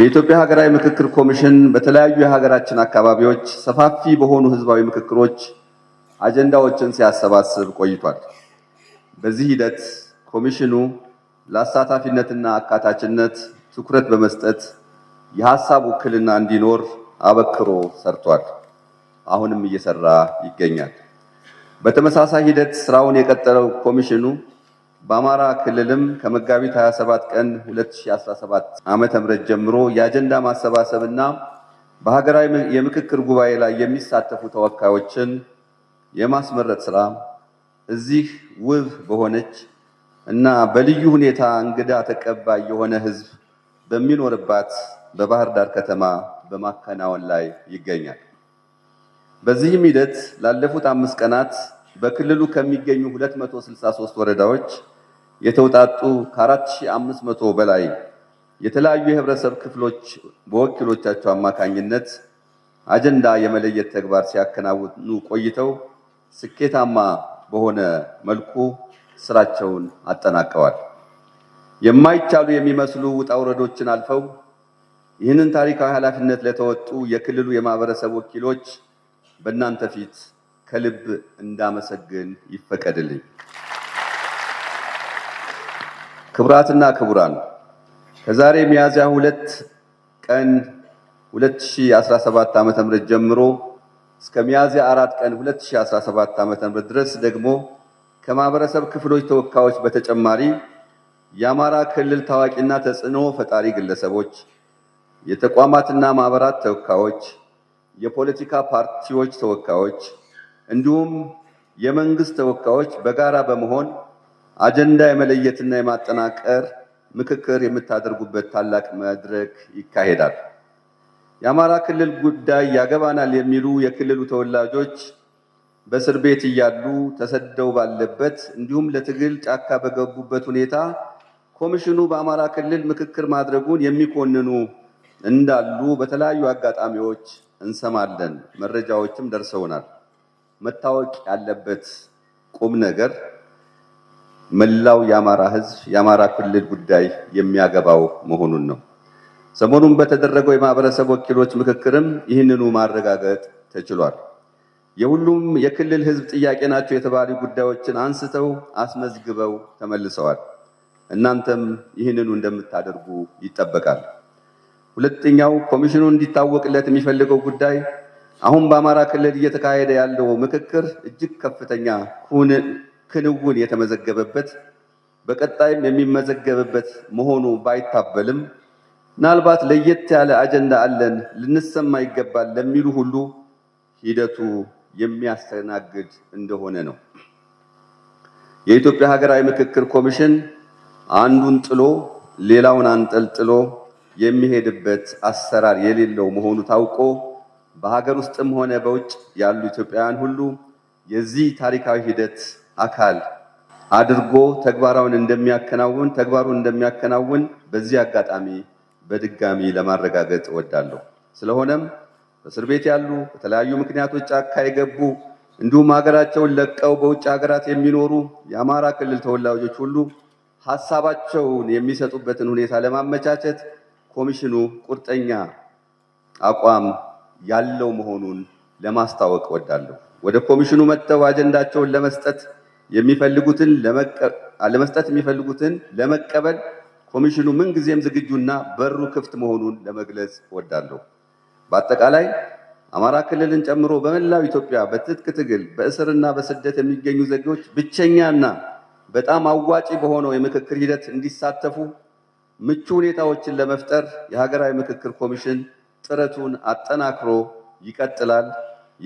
የኢትዮጵያ ሀገራዊ ምክክር ኮሚሽን በተለያዩ የሀገራችን አካባቢዎች ሰፋፊ በሆኑ ህዝባዊ ምክክሮች አጀንዳዎችን ሲያሰባስብ ቆይቷል። በዚህ ሂደት ኮሚሽኑ ለአሳታፊነትና አካታችነት ትኩረት በመስጠት የሀሳብ ውክልና እንዲኖር አበክሮ ሰርቷል። አሁንም እየሰራ ይገኛል። በተመሳሳይ ሂደት ስራውን የቀጠለው ኮሚሽኑ በአማራ ክልልም ከመጋቢት 27 ቀን 2017 ዓ.ም ጀምሮ የአጀንዳ ማሰባሰብና በሀገራዊ የምክክር ጉባኤ ላይ የሚሳተፉ ተወካዮችን የማስመረጥ ስራ እዚህ ውብ በሆነች እና በልዩ ሁኔታ እንግዳ ተቀባይ የሆነ ህዝብ በሚኖርባት በባህር ዳር ከተማ በማከናወን ላይ ይገኛል። በዚህም ሂደት ላለፉት አምስት ቀናት በክልሉ ከሚገኙ 263 ወረዳዎች የተውጣጡ ከ4500 በላይ የተለያዩ የህብረተሰብ ክፍሎች በወኪሎቻቸው አማካኝነት አጀንዳ የመለየት ተግባር ሲያከናውኑ ቆይተው ስኬታማ በሆነ መልኩ ስራቸውን አጠናቀዋል። የማይቻሉ የሚመስሉ ውጣ ውረዶችን አልፈው ይህንን ታሪካዊ ኃላፊነት ለተወጡ የክልሉ የማህበረሰብ ወኪሎች በእናንተ ፊት ከልብ እንዳመሰግን ይፈቀድልኝ። ክቡራትና ክቡራን ከዛሬ ሚያዝያ ሁለት ቀን 2017 ዓ.ም ጀምሮ እስከ ሚያዝያ አራት ቀን 2017 ዓ.ም ድረስ ደግሞ ከማህበረሰብ ክፍሎች ተወካዮች በተጨማሪ የአማራ ክልል ታዋቂና ተጽዕኖ ፈጣሪ ግለሰቦች፣ የተቋማትና ማህበራት ተወካዮች፣ የፖለቲካ ፓርቲዎች ተወካዮች እንዲሁም የመንግስት ተወካዮች በጋራ በመሆን አጀንዳ የመለየትና የማጠናቀር ምክክር የምታደርጉበት ታላቅ መድረክ ይካሄዳል። የአማራ ክልል ጉዳይ ያገባናል የሚሉ የክልሉ ተወላጆች በእስር ቤት እያሉ ተሰደው ባለበት እንዲሁም ለትግል ጫካ በገቡበት ሁኔታ ኮሚሽኑ በአማራ ክልል ምክክር ማድረጉን የሚኮንኑ እንዳሉ በተለያዩ አጋጣሚዎች እንሰማለን። መረጃዎችም ደርሰውናል። መታወቅ ያለበት ቁም ነገር መላው የአማራ ህዝብ የአማራ ክልል ጉዳይ የሚያገባው መሆኑን ነው። ሰሞኑን በተደረገው የማህበረሰብ ወኪሎች ምክክርም ይህንኑ ማረጋገጥ ተችሏል። የሁሉም የክልል ህዝብ ጥያቄ ናቸው የተባሉ ጉዳዮችን አንስተው አስመዝግበው ተመልሰዋል። እናንተም ይህንኑ እንደምታደርጉ ይጠበቃል። ሁለተኛው ኮሚሽኑ እንዲታወቅለት የሚፈልገው ጉዳይ አሁን በአማራ ክልል እየተካሄደ ያለው ምክክር እጅግ ከፍተኛ ክንውን የተመዘገበበት በቀጣይም የሚመዘገብበት መሆኑ ባይታበልም ምናልባት ለየት ያለ አጀንዳ አለን ልንሰማ ይገባል ለሚሉ ሁሉ ሂደቱ የሚያስተናግድ እንደሆነ ነው። የኢትዮጵያ ሀገራዊ ምክክር ኮሚሽን አንዱን ጥሎ ሌላውን አንጠልጥሎ የሚሄድበት አሰራር የሌለው መሆኑ ታውቆ በሀገር ውስጥም ሆነ በውጭ ያሉ ኢትዮጵያውያን ሁሉ የዚህ ታሪካዊ ሂደት አካል አድርጎ ተግባራውን እንደሚያከናውን ተግባሩን እንደሚያከናውን በዚህ አጋጣሚ በድጋሚ ለማረጋገጥ እወዳለሁ። ስለሆነም በእስር ቤት ያሉ በተለያዩ ምክንያቶች ጫካ የገቡ እንዲሁም ሀገራቸውን ለቀው በውጭ ሀገራት የሚኖሩ የአማራ ክልል ተወላጆች ሁሉ ሀሳባቸውን የሚሰጡበትን ሁኔታ ለማመቻቸት ኮሚሽኑ ቁርጠኛ አቋም ያለው መሆኑን ለማስታወቅ እወዳለሁ። ወደ ኮሚሽኑ መጥተው አጀንዳቸውን ለመስጠት የሚፈልጉትን ለመስጠት የሚፈልጉትን ለመቀበል ኮሚሽኑ ምንጊዜም ዝግጁና በሩ ክፍት መሆኑን ለመግለጽ እወዳለሁ። በአጠቃላይ አማራ ክልልን ጨምሮ በመላው ኢትዮጵያ በትጥቅ ትግል በእስርና በስደት የሚገኙ ዜጎች ብቸኛና በጣም አዋጪ በሆነው የምክክር ሂደት እንዲሳተፉ ምቹ ሁኔታዎችን ለመፍጠር የሀገራዊ ምክክር ኮሚሽን ጥረቱን አጠናክሮ ይቀጥላል።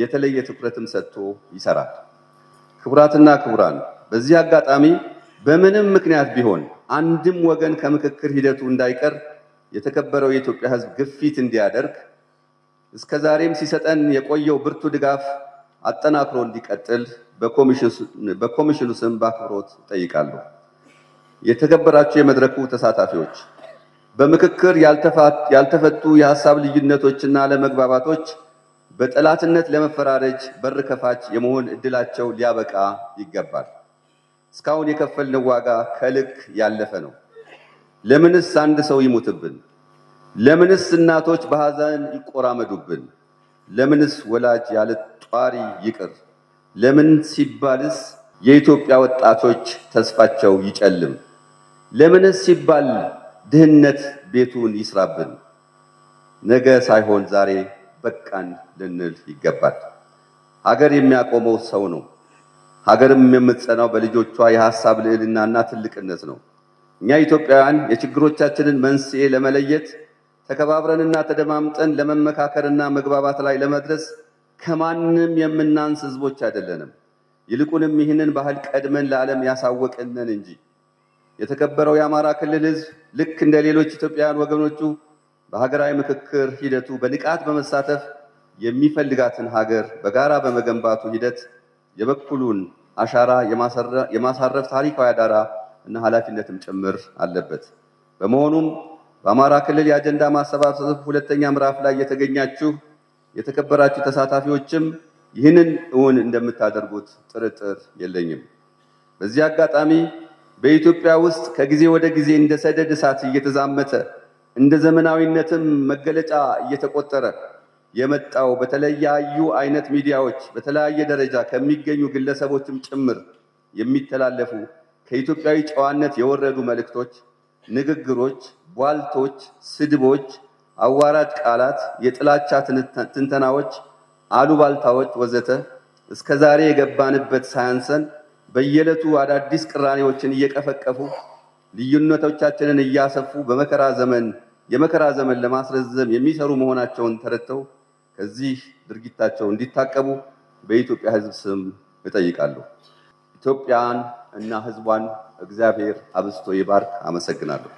የተለየ ትኩረትም ሰጥቶ ይሰራል። ክቡራትና ክቡራን፣ በዚህ አጋጣሚ በምንም ምክንያት ቢሆን አንድም ወገን ከምክክር ሂደቱ እንዳይቀር የተከበረው የኢትዮጵያ ሕዝብ ግፊት እንዲያደርግ እስከዛሬም ሲሰጠን የቆየው ብርቱ ድጋፍ አጠናክሮ እንዲቀጥል በኮሚሽኑ ስም በአክብሮት እጠይቃለሁ። የተከበራችሁ የመድረኩ ተሳታፊዎች፣ በምክክር ያልተፈቱ የሀሳብ ልዩነቶችና አለመግባባቶች በጠላትነት ለመፈራረጅ በር ከፋች የመሆን እድላቸው ሊያበቃ ይገባል። እስካሁን የከፈልነው ዋጋ ከልክ ያለፈ ነው። ለምንስ አንድ ሰው ይሞትብን? ለምንስ እናቶች በሐዘን ይቆራመዱብን? ለምንስ ወላጅ ያለ ጧሪ ይቅር? ለምን ሲባልስ የኢትዮጵያ ወጣቶች ተስፋቸው ይጨልም? ለምንስ ሲባል ድህነት ቤቱን ይስራብን? ነገ ሳይሆን ዛሬ በቃን ልንል ይገባል። ሀገር የሚያቆመው ሰው ነው። ሀገርም የምትጸናው በልጆቿ የሀሳብ ልዕልናና ትልቅነት ነው። እኛ ኢትዮጵያውያን የችግሮቻችንን መንስኤ ለመለየት ተከባብረንና ተደማምጠን ለመመካከርና መግባባት ላይ ለመድረስ ከማንም የምናንስ ህዝቦች አይደለንም። ይልቁንም ይህንን ባህል ቀድመን ለዓለም ያሳወቅነን እንጂ። የተከበረው የአማራ ክልል ህዝብ ልክ እንደ ሌሎች ኢትዮጵያውያን ወገኖቹ በሀገራዊ ምክክር ሂደቱ በንቃት በመሳተፍ የሚፈልጋትን ሀገር በጋራ በመገንባቱ ሂደት የበኩሉን አሻራ የማሳረፍ ታሪካዊ አዳራ እና ኃላፊነትም ጭምር አለበት። በመሆኑም በአማራ ክልል የአጀንዳ ማሰባሰብ ሁለተኛ ምዕራፍ ላይ የተገኛችሁ የተከበራችሁ ተሳታፊዎችም ይህንን እውን እንደምታደርጉት ጥርጥር የለኝም። በዚህ አጋጣሚ በኢትዮጵያ ውስጥ ከጊዜ ወደ ጊዜ እንደ ሰደድ እሳት እየተዛመተ እንደ ዘመናዊነትም መገለጫ እየተቆጠረ የመጣው በተለያዩ አይነት ሚዲያዎች በተለያየ ደረጃ ከሚገኙ ግለሰቦችም ጭምር የሚተላለፉ ከኢትዮጵያዊ ጨዋነት የወረዱ መልእክቶች፣ ንግግሮች፣ ቧልቶች፣ ስድቦች፣ አዋራጅ ቃላት፣ የጥላቻ ትንተናዎች፣ አሉባልታዎች ወዘተ እስከ ዛሬ የገባንበት ሳያንሰን በየዕለቱ አዳዲስ ቅራኔዎችን እየቀፈቀፉ ልዩነቶቻችንን እያሰፉ በመከራ ዘመን የመከራ ዘመን ለማስረዘም የሚሰሩ መሆናቸውን ተረድተው ከዚህ ድርጊታቸው እንዲታቀቡ በኢትዮጵያ ሕዝብ ስም እጠይቃለሁ። ኢትዮጵያን እና ሕዝቧን እግዚአብሔር አብዝቶ ይባርክ። አመሰግናለሁ።